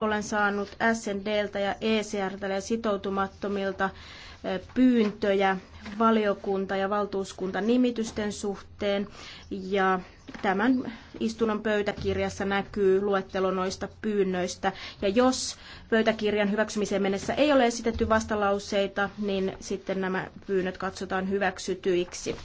olen saanut SNDltä ja ECRltä ja sitoutumattomilta pyyntöjä valiokunta- ja valtuuskunta nimitysten suhteen. Ja tämän istunnon pöytäkirjassa näkyy luettelo noista pyynnöistä. Ja jos pöytäkirjan hyväksymiseen mennessä ei ole esitetty vastalauseita, niin sitten nämä pyynnöt katsotaan hyväksytyiksi.